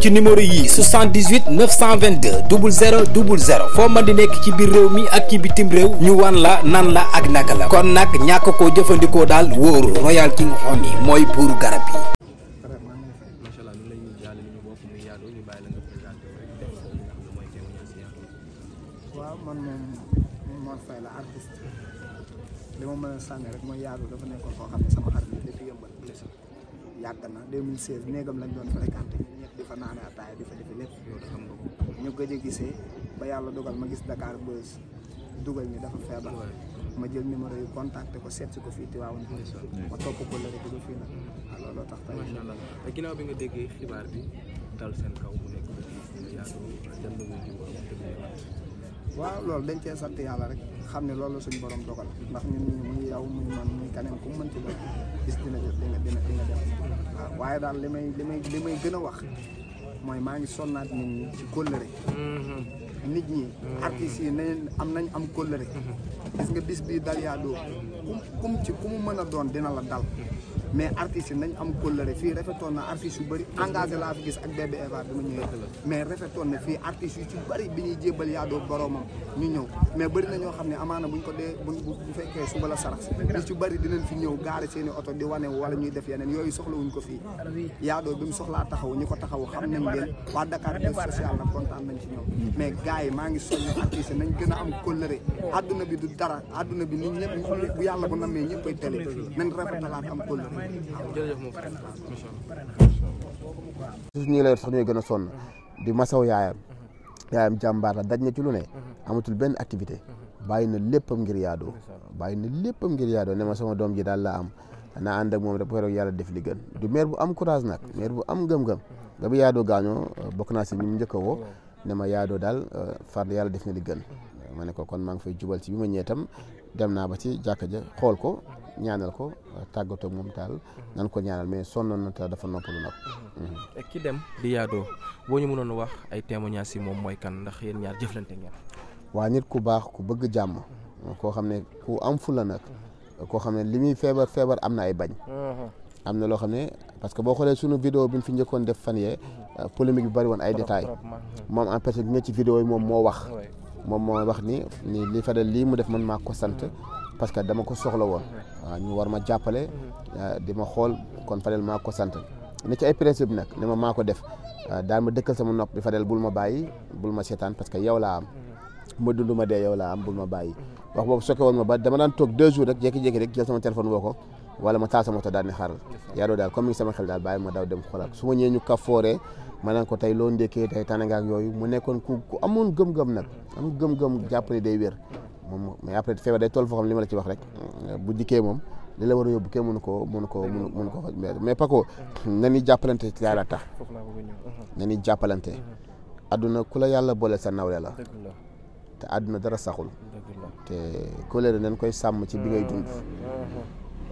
ci numéro yii 78 922 00 00 foo mën di nekk ci biir réew mi ak ci bitim réew ñu wan la nan la ak naka la kon nag ñàkk koo jëfandikoo daal wóoru Royal King Honey mooy buuru garab yi. waaw man moom Mor Faye la artiste li ma mën a sànni rek mooy yaadu dafa nekkoon koo yàgg na 2016 néegam lañ doon fréquenté ñun ñëpp di fa naane ataaya di fa defi lépp loolu xam nga ko ñu gëj a gisee ba yàlla dogal ma gis Dakar Buzz dugal ñu dafa feebar ma jël numéro yi contacté ko seet ko fii Tivaouane ma topp ko la rek fii nag waaw looloo tax tey macha bi nga déggee xibaar bi dal seen kaw mu nekk dëgg yàlla jënd muy jiw waaw loolu dañ cee sant yàlla rek xam ne loolu boroom borom dogal ndax ñun ñii muy yow muy man muy keneen ku mu mënti doon bis dina jot dina dina dina dem waaw waaye daal li may li may li may gën a wax mooy maa ngi sonnaat nit ñi ci kóllëre mhm. nit ñi mhm. artistes yi nañ am nañ am kóllëre mhm. gis nga bis bii dal yaa doo kum ci ku mu mën a doon dina la dal mais artistes yi nañ am kóllëre fii refetoon na artistes yu bëri engagé laa fi gis ak bébé Eva bi ma ñëwee mais rafetoon na fii artistes yu ci mais bëri na ñoo xam ko dee buñ fekkee suba la sarax li ci bëri dinañ fi oto di wala ñuy def yeneen yooyu soxlawuñ ko fii yaadoo bi mu taxaw ñu ko taxaw xam ne leen waa Dakar bi social na kontaan nañ ci ñoom mm. mais gars maa ngi soññu artistes yi nañ gën a am kóllëre adduna bi du dara adduna bi nit am kóllëre jërëjëf moom pare la yor sax gën a sonn mmh. di masaw yaayam mmh. yaayam jàmbaar la daj na ci lu mmh. amatul benn activité bàyyi na léppam ngir yaadoo bàyyi na léppam ngir yaadoo ne ma sama doom ji daal la am naa ànd ak moom rek keroog yàlla def li gën du maire bu am courage nag maire bu am gëm-gëm nga bi yaadoo gaañoo bokk naa si ñu mu njëkk a woo ne yaadoo daal euh, far yàlla def na di gën ma ne ko kon maa ngi jubal ci bi ma ñëwee itam dem naa ba ci jàkka ja xool ko ñaaneel ko tàggatoo moom taal mhm. nan ko ñaanal mais sonna na te dafa noppalu nag mhm. Mhm. ki dem di yaadoo boo ñu mënoon wax ay témoignage si moom mooy kan ndax yéen ñaar jëflante ngeen waa nit ku baax ku bëgg jàmm koo xam ne ku am fula nag koo xam ne li muy feebar feebar am na ay bañ am na loo xam ne parce que boo xoolee sunu vidéo bi ñu fi njëkkoon def fan yee euh, polémique bi bari woon ay détails moom en personne bi nga ci vidéo yi moom moo wax moom moo wax ni ni li Fadel lii mu def man maa ko sant parce que dama ko soxla woon waaw ñu war ma jàppale mhm. di ma xool kon Fadel maa ko sant ne ci ay principe nag ne ma maa ko def daal ma dëkkal sama nopp bi Fadel bul ma bàyyi bul ma seetaan parce que yow laa am mhm. ma dund ma dee yow laa am bul ma bàyyi mhm. wax boobu sokke woon ma woo ko wala ma taal sama moto daal ne xaaral yaa doo daal comme ni sama xel daal bàyyi ma daw dem xoolaat su ma ñëwee ñu kaf fooree ma naan ko tey loo ndékkee tey tànn nga yooyu mu nekkoon ku ku amoon gëm-gëm nag am gëm-gëm jàpp ne day wér moom mais après day toll foo xam li ma la ci wax rek bu dikkee moom li la war a yóbbu kenn mënu ko mënu ko mënu ko faj mais Paco na ni jàppalante ci yàlla tax na ni jàppalante àdduna ku la yàlla sa nawle la te àdduna dara saxul te kóllëre nañ koy sàmm ci bi ngay dund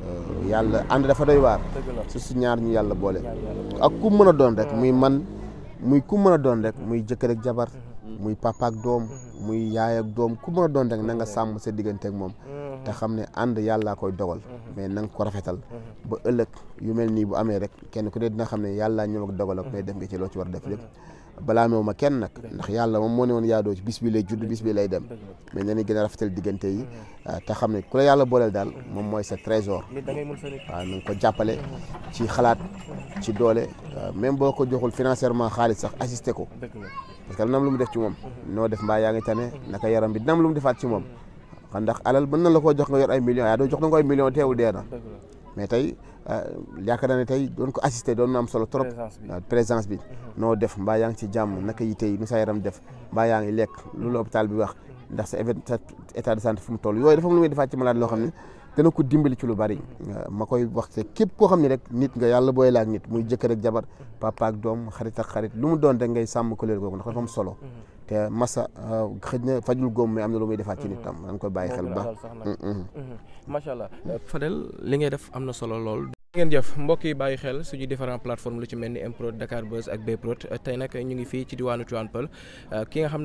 euh, yàlla ànd dafa doy waar su ñaar ñu yàlla boole ak ku mën a doon rek muy man muy ku mën a doon rek muy jëkkër jabar muy papa doom muy yaay doom ku mën a doon rek na nga mm-hmm. sàmm sa digganteek moom mm-hmm. te xam ne ànd yàllaa koy dogal mm-hmm. mais na nga ko rafetal ba ëllëg yu mel nii bu amee rek kenn ku ne dina xam ne yàllaa ñëw ak dogal ak mais ci loo ci war a def lépp balaa meew ma kenn nag ndax yàlla moom moo ne woon yaadoo ci bis bis bi lay dem mais nañu gën a rafetal diggante yi ah, te xam ne ku yàlla booleel daal moom mooy sa trésor waaw na nga ko jàppale ci xalaat ci doole ah, même boo ko joxul financièrement xaalis sax assisté ko parce que dina lu mu def ci moom noo def mbaa yaa ngi tane naka yaram bi dina am lu mu defaat ci moom xam ndax alal mën na la koo jox nga yor ay millions yaa doo jox na ko ay millions teewul dee na mais tey ah, yaakaar naa ne tey doon ko assister doon na am solo trop présence bi mhm. noo def mbaa yaa ngi ci jàmm naka yi tey nu sa yaram def mbaa yaa ngi lekk lu la hôpital bi wax ndax sa état de santé fu mu toll yooyu dafa am lu muy defaat ci malade loo xam ne dana ko dimbali ci lu bari euh, ma koy wax te képp koo xam ne rek nit nga yàlla booy laak nit muy jëkkër ak jabar papa ak doom xarit ak xarit lu mu doon rek ngay sàmm ko leer googu ndax dafa am solo mhm. te massa euh, xëj na fajul góom mais am na lu muy defaat ci mhm. nit tam dañ koy bàyyi xel bu baax macha allah Fadel li ngay def am na solo lool ngeen jëf mbokk yi bàyyi xel suñu différents plateformes lu ci mel ni Mprod Dakar Buzz ak Bprod tey nag ñu euh, a mag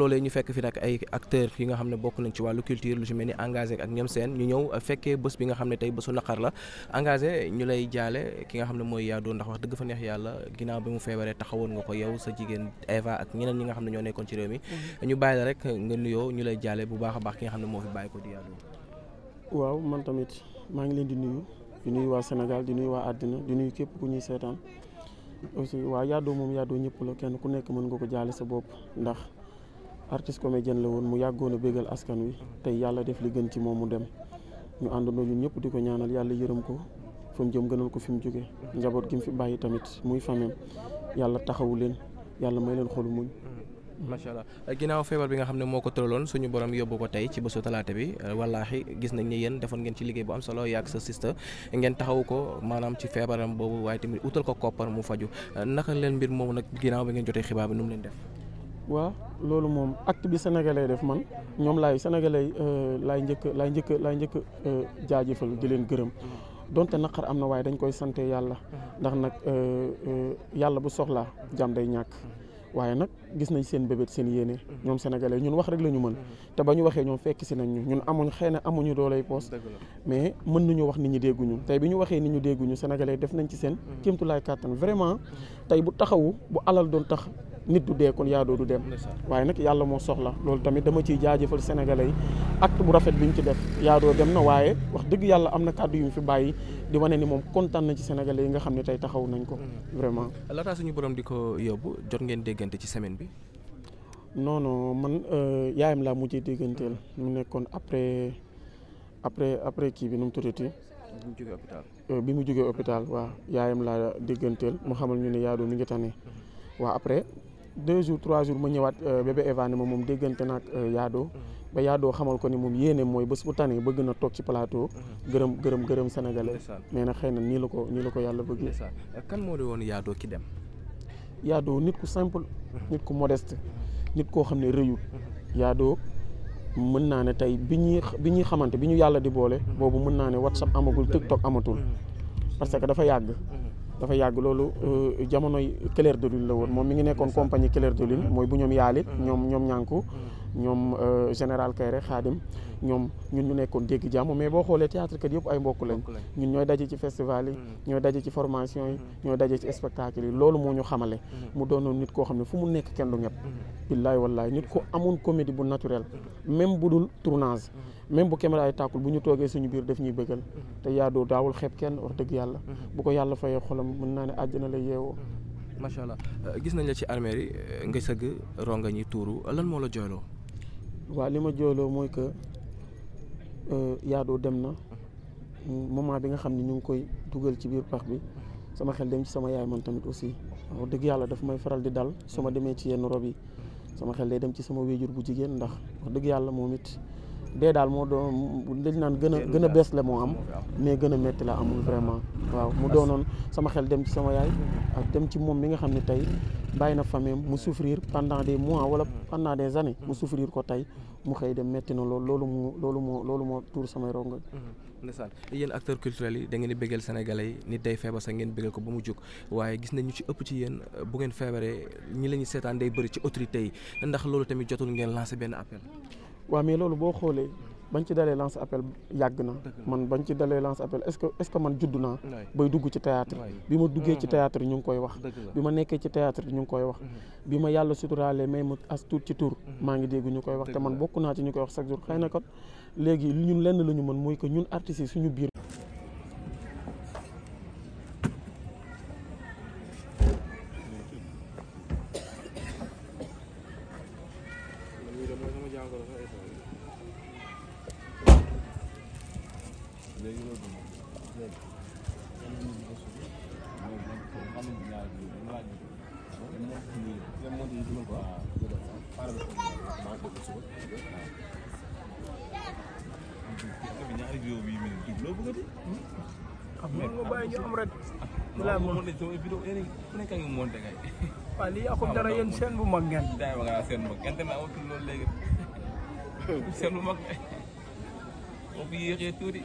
euh, fekk fi nag ay acteurs yi nga xam ne bokk nañ ci wàllu culture lu ci ni engagé ak ñoom seen ñu ñëw fekkee bés bi nga xam ne tey bésu naqar la engagé ñu lay jaale ki nga xam ne mooy Yado ndax wax dëgg fa neex yàlla ginnaaw bi mu feebaree taxawoon nga ko yow sa jigéen Eva ak ñeneen ñi nga xam ne ñoo nekkoon ci réew mi mm-hmm. ñu bàyyi la rek nga nuyoo ñu lay jaale bu baax a baax ki nga xam ne moo fi bàyyi ko waaw man tamit maa ngi leen di nuyu di nuyu waa Sénégal di nuyu waa àddina di nuyu képp ku ñuy seetaan aussi waa Yadoo moom Yadoo ñëpp la kenn ku nekk mën nga ko jaale sa bopp ndax artiste comédien la woon mu yàggoon a bégal askan wi tey yàlla def li gën ci moom mu dem ñu àndandoo ñëpp di ko ñaanal yàlla yërëm ko fa jëm gënal ko fi mu jógee njaboot gi mu fi bàyyi tamit muy famem yàlla taxawu leen yàlla may leen xolu muñ macha allah ginnaaw feebar bi nga xam ne moo ko tëraloon suñu borom yóbbu ko tey ci bésu talaata bi wallaahi gis nañ ne yéen defoon ngeen ci liggéey bu am solo yaag sa sista ngeen taxaw ko maanaam ci feebaram boobu waaye tamit wutal ko koppar mu faju naka leen mbir moomu nag ginnaaw bi ngeen jotee xibaar bi nu mu leen def. waaw loolu moom acte bi sénégalais def man ñoom laay sénégalais euh, laay njëkk laay njëkk laay njëkk euh, jaajëfal di leen gërëm. donte naqar am na waaye dañ koy sante yàlla mm-hmm. ndax nag euh, yàlla bu soxlaa jàmm day ñàkk waaye nag gis nañ seen bébét seen yéene mm-hmm. ñoom sénégalais ñun wax rek la ñu mën mm-hmm. te ba ñu waxee ñoom fekk si nañ ñu ñun amuñ xëy na amuñu doolay poos mais mën nañu wax nit ñi dégguñu tey bi ñu waxee nit ñu dégguñu sénégalais def nañ ci seen mm-hmm. kéemtulaay kàttan vraiment tey bu taxawu bu alal doon tax nit du dee kon yaadoo du dem waaye nag yàlla moo soxla loolu tamit dama ciy jaajafal sénégalais yi acte bu rafet bi ñu ci def yaadoo dem na waaye wax dëgg yàlla am na kàddu yu mu fi bàyyi di wane ni moom kontaan na ci sénégalais yi nga xam ne tey taxaw nañ ko mm. vraiment laataa suñu borom di ko yóbbu jot ngeen déggante ci semaine bi noonu non man euh, yaayam laa mujjee dégganteel mu nekkoon après après après kii bi nu mu tuddati bi mu euh, bi mu jógee hôpital waaw yaayam laa dégganteel mu xamal ñu ne yaadoo mi ngi deux jours trois jours ma ñëwaat euh, bébé Eva ma moom déggante naag euh, yaadoo mm-hmm. ba yaadoo xamal ko ni moom yéene mooy bés bu tane bëgg na toog ci plateau mm-hmm. gërëm gërëm gërëm sénégalais mais na xëy na nii la ko nii la ko yàlla bëgg kan moo di woon yaadoo ki dem yaadoo nit ku simple mm-hmm. nit ku modeste nit koo xam ne rëyu yaadoo mën naa ne tey bi ñuy bi ñuy xamante bi ñu yàlla di boole boobu mën naa ne whatsapp amagul tiktok amatul parce que dafa yàgg dafa yàgg loolu euh, jamonoy clair de lune la woon moom mi ngi nekkoon compagnie clair de lune mooy bu ñoom yaalit mm. ñoom ñoom ñànku mm. ñoom euh, général Kayre Xaadim mm-hmm. ñoom ñun ñu nekkoon dégg jàmm mais boo xoolee théâtre kat yëpp ay mbokk lañ ñun ñooy daje ci festival yi mm-hmm. ñooy daje ci formation yi mm-hmm. ñooy daje ci spectacle yi loolu moo ñu xamale mu doonoon nit koo xam ne fu mu nekk kenn du ñëpp billaay wallaay nit ko amoon comédie bu naturel même bu dul tournage même bu caméra yi tàkkul bu ñu toogee suñu biir def ñuy bëggal te yaadoo daawul xeeb kenn wax dëgg yàlla bu ko yàlla fayee xolam mën naa ne àjjana la yeewoo macha allah euh, gis nañ la ci armée yi euh, nga sëgg ronga lan moo la jooyloo waaw li ma jooloo mooy que euh, yaadoo dem na moment bi nga xam ni ñu ngi koy dugal ci biir pax bi sama xel dem ci sama yaay man tamit aussi wax dëgg yàlla dafa may faral di dal su ma demee ci yenn rob yi sama xel day dem ci sama wéjur bu jigéen ndax dëgg yàlla moom it dee daal moo doon dañ naan gën a gën a bees la moo am mais gën a métti la amul vraiment waaw mu doonoon sama xel dem ci sama yaay ak dem ci moom mi nga xam ne tey bàyyi na famille mu souffrir pendant des mois wala mm. pendant des années mu mm. souffrir ko tey mu xëy dem métti na loolu mu loolu moo loolu moo tuur samay rongo mm-hmm. ndeysaan yéen acteurs culturels yi da ngeen di bëggal sénégalais yi nit day feebar sax ngeen bëggal ko ba mu jóg waaye gis nañu ci ëpp ci yéen bu ngeen feebaree ñi la ñuy seetaan day bëri ci autorité yi ndax loolu tamit jotul ngeen lancé benn appel waaw mais loolu boo xoolee bañ ci dalee lance appel yàgg na man bañ ci dalee lance appel est-ce que est-ce que man judd naa bay dugg ci théâtre bi ma duggee ci théâtre ñu ngi koy wax bi ma nekkee ci théâtre ñu ngi koy wax bi ma yàlla suturaalee may ma as tuut ci tur maa ngi dégg ñu koy wax te man bokk naa ci ñu koy wax chaque jour xëy na kat léegi ñu lenn la ñu mën mooy que ñun artistes suñu biir léegi loolu léegi waaw lii yàqu dara yéen seen bu mag ngeen. seen bu mag ngeen tamit amatul loolu léegi seen bu mag kooku yéexee tuuti.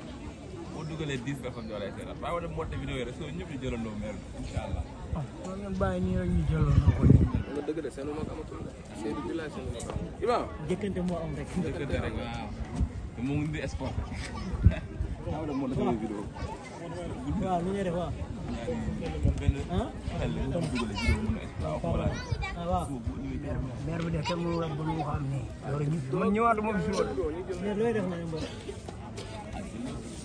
boo dugalee dix personnes ñoo lay seetaan waaye wala monté vidéo yi rek soo ñëpp ñu jëlandoo meer bi incha allah. ah kon ngeen bàyyi nii de seen mag amatul seen village seen mag amatul. Ibrahima jëkkante moo am rek. jëkkante rek waaw mu ngi di sport. waaw wala la nga dugalee vidéo mën na waaw waaw meer bi de kenn mënu rek bu ñu ko am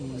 Mm-hmm.